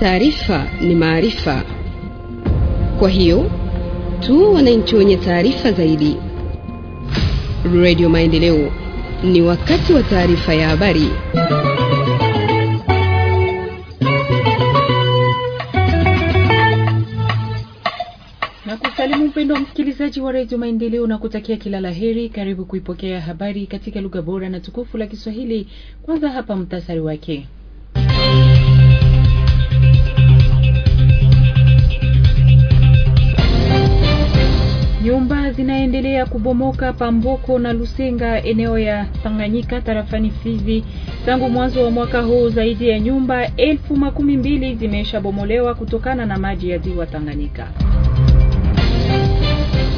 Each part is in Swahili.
Taarifa ni maarifa, kwa hiyo tu wananchi wenye taarifa zaidi. Radio Maendeleo, ni wakati wa taarifa ya habari. Nakusalimu mpendo msikilizaji wa redio Maendeleo na kutakia kila la heri. Karibu kuipokea habari katika lugha bora na tukufu la Kiswahili. Kwanza hapa mtasari wake. Nyumba zinaendelea kubomoka Pamboko na Lusenga eneo ya Tanganyika tarafani Fizi. Tangu mwanzo wa mwaka huu zaidi ya nyumba elfu makumi mbili zimeshabomolewa kutokana na maji ya ziwa Tanganyika.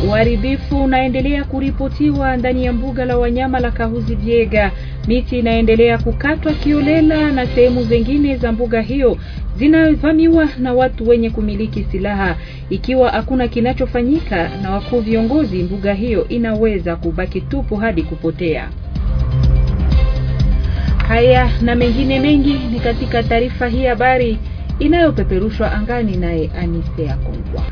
Uharibifu unaendelea kuripotiwa ndani ya mbuga la wanyama la Kahuzi Biega. Miti inaendelea kukatwa kiolela na sehemu zingine za mbuga hiyo zinavamiwa na watu wenye kumiliki silaha. Ikiwa hakuna kinachofanyika na wakuu viongozi, mbuga hiyo inaweza kubaki tupu hadi kupotea. Haya na mengine mengi ni katika taarifa hii habari inayopeperushwa angani naye Anise ya Kongwa.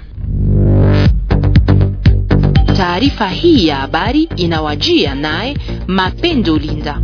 Taarifa hii ya habari inawajia naye Mapendo Linda.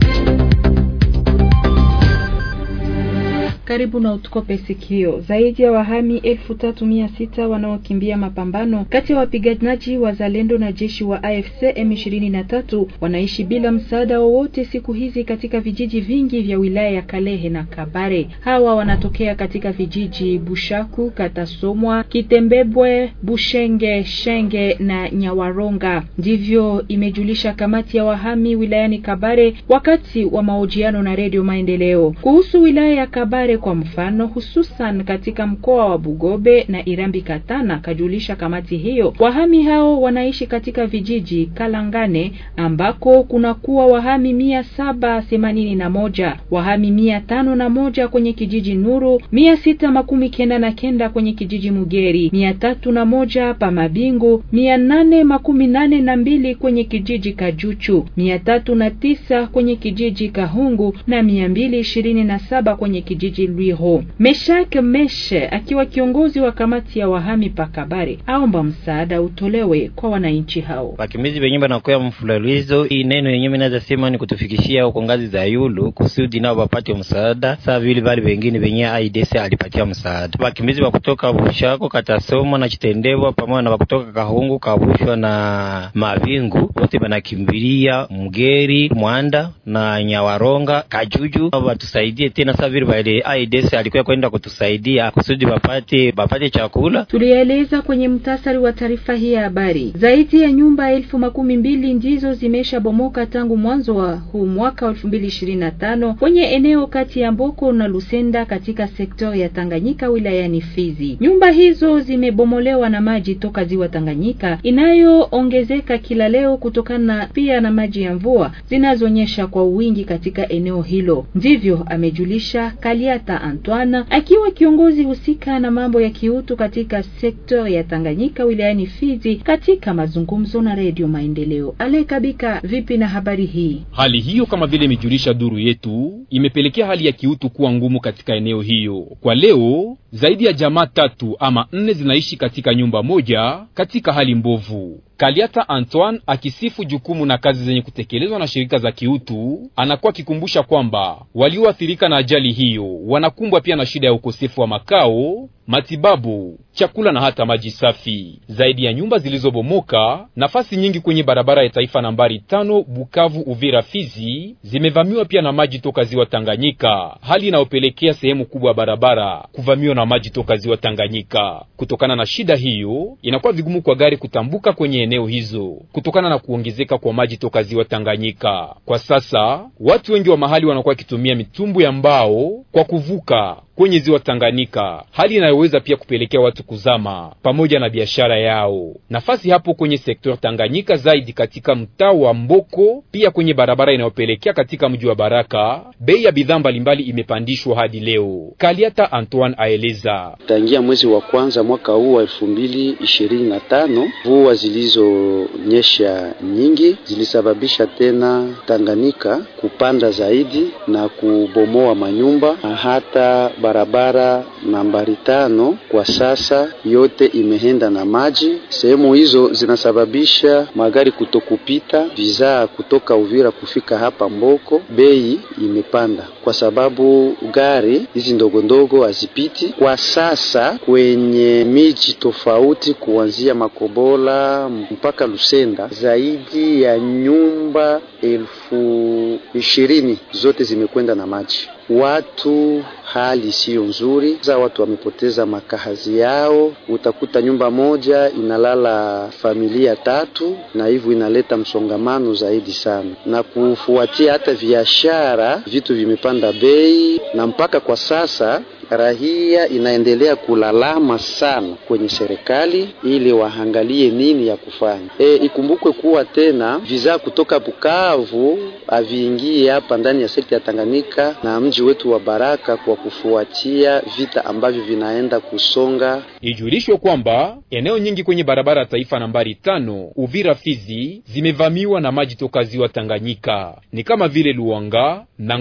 karibu na Utkope Sikio. Zaidi ya wahami elfu tatu mia sita wanaokimbia mapambano kati ya wapiganaji wazalendo na jeshi wa AFC M23 wanaishi bila msaada wowote siku hizi katika vijiji vingi vya wilaya ya Kalehe na Kabare. Hawa wanatokea katika vijiji Bushaku, Katasomwa, Kitembebwe, Bushenge, Shenge na Nyawaronga. Ndivyo imejulisha kamati ya wahami wilayani Kabare wakati wa mahojiano na Redio Maendeleo kuhusu wilaya ya Kabare kwa mfano, hususan katika mkoa wa Bugobe na Irambi Katana, kajulisha kamati hiyo. Wahami hao wanaishi katika vijiji Kalangane ambako kunakuwa wahami mia saba themanini na moja wahami mia tano na moja kwenye kijiji Nuru, mia sita makumi kenda na kenda kwenye kijiji Mugeri, mia tatu na moja pa Mabingu, mia nane makumi nane na mbili kwenye kijiji Kajuchu, mia tatu na tisa kwenye kijiji Kahungu na mia mbili ishirini na saba kwenye kijiji Elsie Lwiro. Meshak Meshe akiwa kiongozi wa kamati ya wahami Pakabare aomba msaada utolewe kwa wananchi hao. Wakimbizi wenyewe wanakoya mfululizo hii neno yenye naweza sema ni kutufikishia huko ngazi za yulu kusudi nao wapate msaada saa vile bali wengine wenye IDC alipatia msaada. Wakimbizi wa kutoka Bushako, Katasoma na Chitendewa pamoja na wakutoka Kahungu, Kabushwa na Mavingu wote wanakimbilia Mgeri, Mwanda na Nyawaronga, Kajuju. Watusaidie tena saa vile vale ambaye alikuwa kwenda kutusaidia kusudi wapate wapate chakula, tulieleza kwenye mtasari wa taarifa hii ya habari. Zaidi ya nyumba elfu makumi mbili ndizo zimeshabomoka tangu mwanzo wa huu mwaka elfu mbili ishirini na tano kwenye eneo kati ya Mboko na Lusenda katika sekta ya Tanganyika wilayani Fizi. Nyumba hizo zimebomolewa na maji toka ziwa Tanganyika inayoongezeka kila leo kutokana pia na maji ya mvua zinazoonyesha kwa wingi katika eneo hilo, ndivyo amejulisha Kaliati Pasta Antoine akiwa kiongozi husika na mambo ya kiutu katika sekta ya Tanganyika wilayani Fizi katika mazungumzo na Redio Maendeleo. Alekabika, vipi na habari hii? Hali hiyo kama vile imejulisha duru yetu, imepelekea hali ya kiutu kuwa ngumu katika eneo hiyo. Kwa leo zaidi ya jamaa tatu ama nne zinaishi katika nyumba moja katika hali mbovu. Kaliata Antoine akisifu jukumu na kazi zenye kutekelezwa na shirika za kiutu, anakuwa akikumbusha kwamba walioathirika na ajali hiyo wanakumbwa pia na shida ya ukosefu wa makao matibabu, chakula na hata maji safi. Zaidi ya nyumba zilizobomoka, nafasi nyingi kwenye barabara ya taifa nambari tano Bukavu Uvira Fizi zimevamiwa pia na maji toka ziwa Tanganyika, hali inayopelekea sehemu kubwa ya barabara kuvamiwa na maji toka ziwa Tanganyika. Kutokana na shida hiyo, inakuwa vigumu kwa gari kutambuka kwenye eneo hizo kutokana na kuongezeka kwa maji toka ziwa Tanganyika. Kwa sasa watu wengi wa mahali wanakuwa wakitumia mitumbu ya mbao kwa kuvuka kwenye ziwa Tanganyika, hali inayoweza pia kupelekea watu kuzama pamoja na biashara yao. Nafasi hapo kwenye sektor Tanganyika zaidi katika mtaa wa Mboko, pia kwenye barabara inayopelekea katika mji wa Baraka, bei ya bidhaa mbalimbali imepandishwa hadi leo. Kaliata Antoine aeleza, tangia mwezi wa kwanza mwaka huu wa elfu mbili ishirini na tano mvua zilizonyesha nyingi zilisababisha tena Tanganyika kupanda zaidi na kubomoa manyumba na hata barabara nambari tano kwa sasa yote imehenda na maji. Sehemu hizo zinasababisha magari kutokupita, vizaa kutoka Uvira kufika hapa Mboko bei imepanda kwa sababu gari hizi ndogo ndogo hazipiti kwa sasa kwenye miji tofauti, kuanzia Makobola mpaka Lusenda. Zaidi ya nyumba elfu ishirini zote zimekwenda na maji watu hali siyo nzuri za watu wamepoteza makazi yao. Utakuta nyumba moja inalala familia tatu, na hivyo inaleta msongamano zaidi sana, na kufuatia hata biashara, vitu vimepanda bei, na mpaka kwa sasa rahia inaendelea kulalama sana kwenye serikali ili waangalie nini ya kufanya. E, ikumbukwe kuwa tena visa kutoka Bukavu haviingie hapa ndani ya sekta ya Tanganyika na mji wetu wa Baraka kwa kufuatia vita ambavyo vinaenda kusonga. Ijulishwe kwamba eneo nyingi kwenye barabara ya taifa nambari tano Uvira Fizi zimevamiwa na maji toka ziwa Tanganyika, ni kama vile Luanga na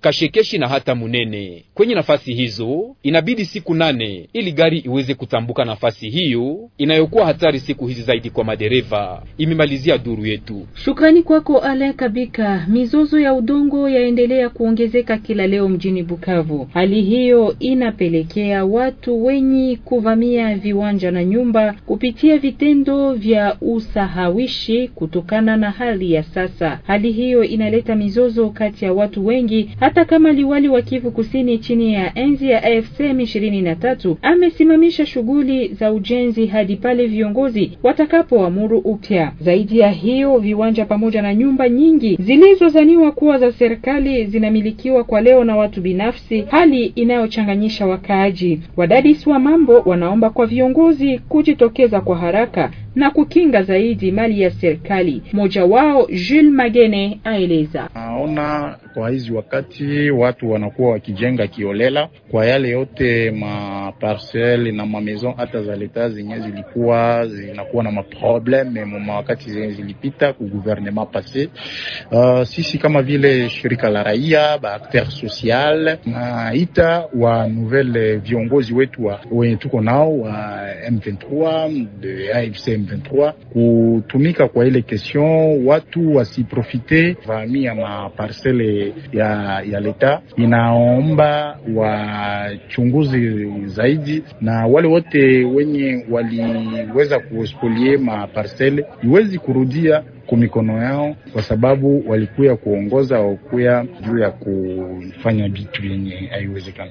Kashekeshi na hata Munene kwenye nafasi nafasi hizo inabidi siku nane ili gari iweze kutambuka nafasi hiyo inayokuwa hatari siku hizi zaidi kwa madereva. Imemalizia duru yetu. Shukrani kwako Alain Kabika. Mizozo ya udongo yaendelea kuongezeka kila leo mjini Bukavu. Hali hiyo inapelekea watu wenye kuvamia viwanja na nyumba kupitia vitendo vya usahawishi kutokana na hali ya sasa. Hali hiyo inaleta mizozo kati ya watu wengi, hata kama liwali wa Kivu Kusini chini ya enzi ya AFC M23 amesimamisha shughuli za ujenzi hadi pale viongozi watakapoamuru upya. Zaidi ya hiyo, viwanja pamoja na nyumba nyingi zilizozaniwa kuwa za serikali zinamilikiwa kwa leo na watu binafsi, hali inayochanganyisha wakaaji. Wadadisi wa mambo wanaomba kwa viongozi kujitokeza kwa haraka na kukinga zaidi mali ya serikali. Mmoja wao Jules Magene aeleza, naona kwa hizi wakati watu wanakuwa wakijenga kiolela kwa yale yote maparcel na mamaison hata za leta zenye zilikuwa zinakuwa na maprobleme muma wakati zenye zilipita ku gouvernement passe. Uh, sisi kama vile shirika la raia ba acteur social naita wa nouvelle viongozi wetu wenye tuko nao wa M23 de AFC M23 kutumika kwa ile kestion, watu wasiprofite vaamia maparsele ya, ya leta. Inaomba wachunguzi zaidi na wale wote wenye waliweza kuospolie maparsele iwezi kurudia mikono yao kwa sababu walikuya kuongoza wakuya juu ya kufanya vitu vyenye haiwezekana.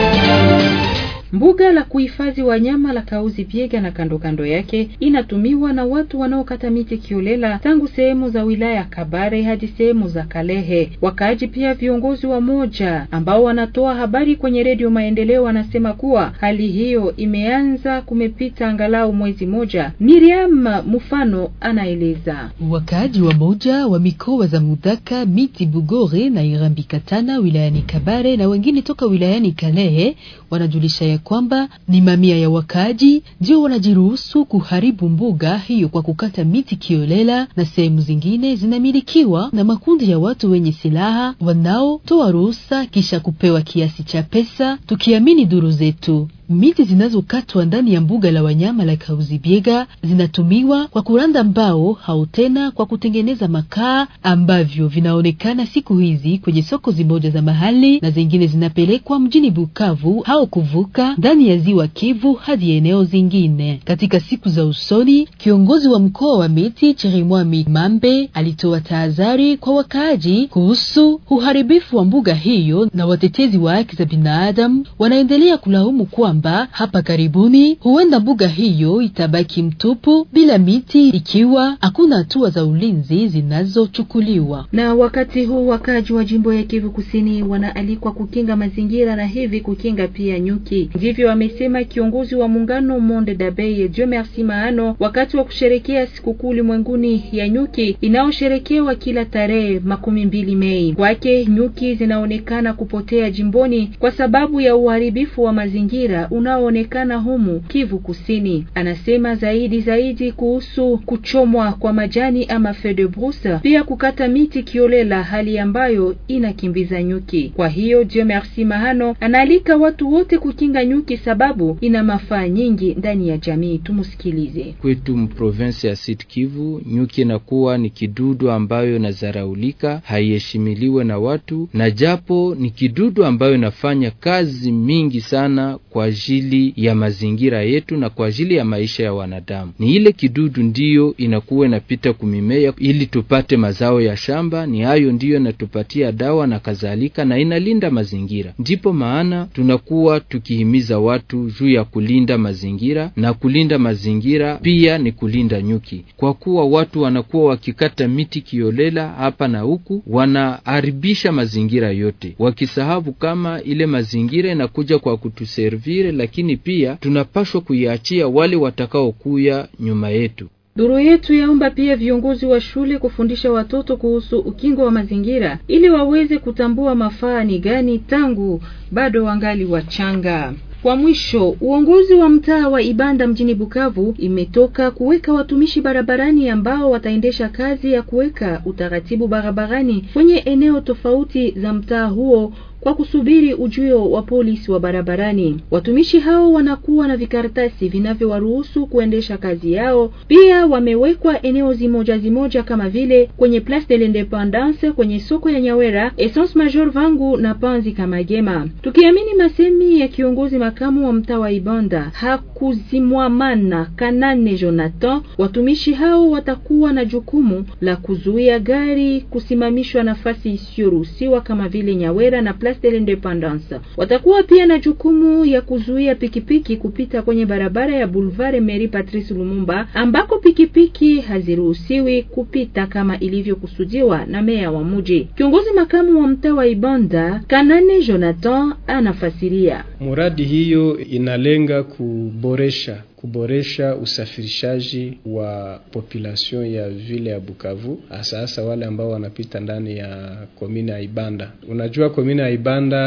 Mbuga la kuhifadhi wanyama la Kauzi Biega na kando kando yake inatumiwa na watu wanaokata miti kiolela tangu sehemu za wilaya Kabare hadi sehemu za Kalehe. Wakaaji pia viongozi wa moja ambao wanatoa habari kwenye redio Maendeleo wanasema kuwa hali hiyo imeanza kumepita angalau mwezi moja. Miriam Mufano anaeleza. Wakaaji wa moja wa mikoa za Mudaka, Miti, Bugore na Irambikatana wilayani Kabare na wengine toka wilayani Kalehe wanajulisha kwamba ni mamia ya wakaaji ndio wanajiruhusu kuharibu mbuga hiyo kwa kukata miti kiolela, na sehemu zingine zinamilikiwa na makundi ya watu wenye silaha wanaotoa ruhusa kisha kupewa kiasi cha pesa, tukiamini duru zetu. Miti zinazokatwa ndani ya mbuga la wanyama la Kahuzi-Biega zinatumiwa kwa kuranda mbao au tena kwa kutengeneza makaa ambavyo vinaonekana siku hizi kwenye soko zimoja za mahali na zingine zinapelekwa mjini Bukavu au kuvuka ndani ya ziwa Kivu hadi eneo zingine. Katika siku za usoni, kiongozi wa mkoa wa miti Cherimwami Mambe alitoa tahadhari kwa wakaaji kuhusu uharibifu wa mbuga hiyo, na watetezi wa haki za binadamu wanaendelea kulaumu kwamba kwamba hapa karibuni huenda mbuga hiyo itabaki mtupu bila miti ikiwa hakuna hatua za ulinzi zinazochukuliwa. Na wakati huu wakaji wa jimbo ya Kivu Kusini wanaalikwa kukinga mazingira na hivi kukinga pia nyuki. Ndivyo wamesema kiongozi wa muungano Monde Dabeye Dieu Merci Maano wakati wa kusherekea sikukuu ulimwenguni ya nyuki inayosherekewa kila tarehe makumi mbili Mei. Kwake nyuki zinaonekana kupotea jimboni kwa sababu ya uharibifu wa mazingira unaoonekana humu Kivu Kusini. Anasema zaidi zaidi kuhusu kuchomwa kwa majani ama feu de brousse, pia kukata miti kiolela, hali ambayo inakimbiza nyuki. Kwa hiyo Dieu Merci Mahano anaalika watu wote kukinga nyuki, sababu ina mafaa nyingi ndani ya jamii. Tumusikilize. Kwetu mprovensi ya Sud Kivu, nyuki inakuwa ni kidudu ambayo inazaraulika, haiheshimiliwe na watu, na japo ni kidudu ambayo inafanya kazi mingi sana kwa ajili ya mazingira yetu na kwa ajili ya maisha ya wanadamu. Ni ile kidudu ndiyo inakuwa inapita kumimea ili tupate mazao ya shamba, ni hayo ndiyo inatupatia dawa na kadhalika, na inalinda mazingira. Ndipo maana tunakuwa tukihimiza watu juu ya kulinda mazingira, na kulinda mazingira pia ni kulinda nyuki, kwa kuwa watu wanakuwa wakikata miti kiolela hapa na huku, wanaharibisha mazingira yote, wakisahabu kama ile mazingira inakuja kwa kutuservia ile, lakini pia tunapashwa kuiachia wale watakaokuya nyuma yetu. Duru yetu yaomba pia viongozi wa shule kufundisha watoto kuhusu ukingo wa mazingira ili waweze kutambua mafaa ni gani tangu bado wangali wachanga. Kwa mwisho, uongozi wa mtaa wa Ibanda mjini Bukavu imetoka kuweka watumishi barabarani ambao wataendesha kazi ya kuweka utaratibu barabarani kwenye eneo tofauti za mtaa huo kwa kusubiri ujio wa polisi wa barabarani. Watumishi hao wanakuwa na vikaratasi vinavyowaruhusu kuendesha kazi yao. Pia wamewekwa eneo zimoja zimoja kama vile kwenye Place de l'Independance, kwenye soko ya Nyawera, Essence Major Vangu na Panzi Kamagema. Tukiamini masemi ya kiongozi makamu wa mtaa wa Ibanda Hakuzimwamana Kanane Jonathan, watumishi hao watakuwa na jukumu la kuzuia gari kusimamishwa nafasi isiyoruhusiwa kama vile Nyawera na Place Place de l'Independance. Watakuwa pia na jukumu ya kuzuia pikipiki kupita kwenye barabara ya Boulevard mary Patrice Lumumba ambako pikipiki haziruhusiwi kupita kama ilivyokusudiwa na meya wa mji. Kiongozi makamu wa mtaa wa Ibanda Kanane Jonathan anafasiria muradi hiyo inalenga kuboresha kuboresha usafirishaji wa population ya vile ya Bukavu, hasa hasa wale ambao wanapita ndani ya komina ya Ibanda. Unajua komina ya Ibanda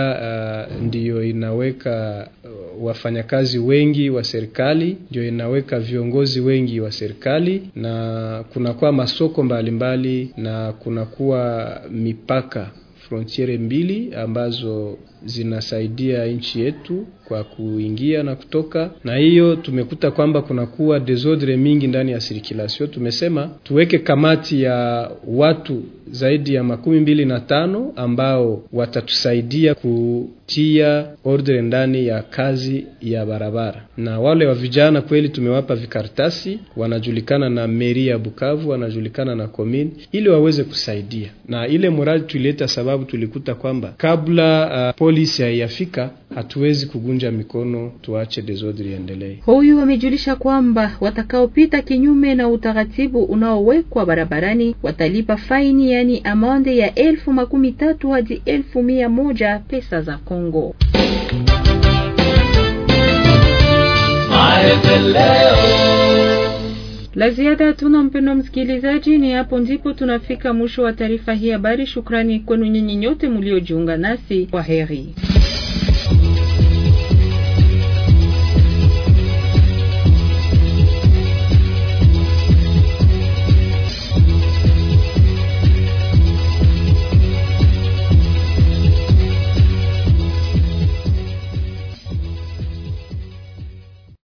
uh, ndiyo inaweka uh, wafanyakazi wengi wa serikali, ndio inaweka viongozi wengi wa serikali, na kunakuwa masoko mbalimbali mbali, na kunakuwa mipaka frontiere mbili ambazo zinasaidia nchi yetu kwa kuingia na kutoka, na hiyo tumekuta kwamba kunakuwa desordre mingi ndani ya circulation. Tumesema tuweke kamati ya watu zaidi ya makumi mbili na tano ambao watatusaidia kutia ordre ndani ya kazi ya barabara, na wale wa vijana kweli tumewapa vikaratasi, wanajulikana na meri ya Bukavu, wanajulikana na komini, ili waweze kusaidia na ile muradi tulileta, sababu tulikuta kwamba kabla uh, polisi haiyafika hatuwezi kugunja mikono tuache desordre iendelee. Huyu amejulisha kwamba watakaopita kinyume na utaratibu unaowekwa barabarani watalipa faini, yani amande ya elfu makumi tatu hadi elfu mia moja pesa za Kongo. La ziada hatuna, mpendo msikilizaji, ni hapo ndipo tunafika mwisho wa taarifa hii habari. Shukrani kwenu nyinyi nyote mliojiunga nasi, kwa heri.